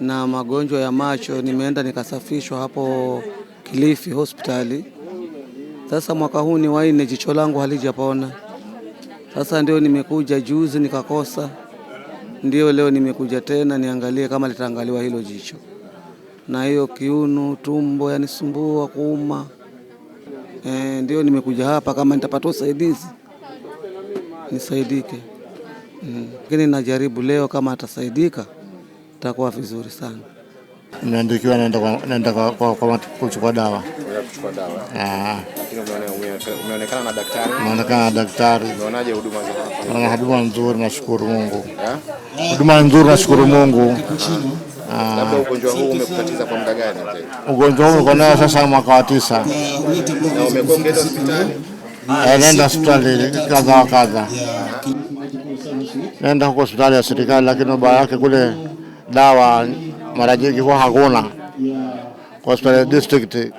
na magonjwa ya macho, nimeenda nikasafishwa hapo Kilifi hospitali. Sasa mwaka huu ni waine jicho langu halijapona. Sasa ndio nimekuja juzi nikakosa, ndio leo nimekuja tena niangalie kama litaangaliwa hilo jicho na hiyo kiuno, tumbo yanisumbua kuuma. E, ndio nimekuja hapa kama nitapata usaidizi nisaidike, mm. lakini mm, najaribu leo kama atasaidika takuwa vizuri sana. Naandikiwa naenda kwa kwa naenda kuchukua dawa, ah. umeonekana na daktari. na daktari. Unaona huduma nzuri, nashukuru Mungu, huduma nzuri, nashukuru Mungu. Ah. Ugonjwa huu umekutatiza kwa muda gani? Ugonjwa huu uko nao sasa mwaka wa tisa. Eh, naenda hospitali kadha wa kadha, naenda huko hospitali ya serikali, lakini baba yake kule dawa mara nyingi huwa hakuna hospitali district, eh,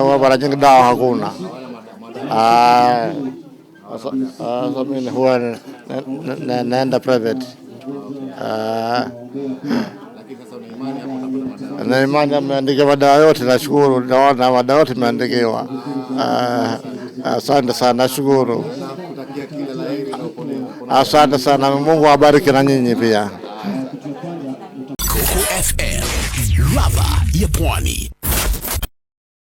huwa mara nyingi dawa hakuna. Ah, ah, sasa mimi huwa naenda private ah, na imani ameandikiwa dawa yote, nashukuru. Naona madawa yote imeandikiwa. Asante sana, nashukuru. Asante sana, Mungu awabariki na nyinyi pia. Coco FM, ladha ya Pwani.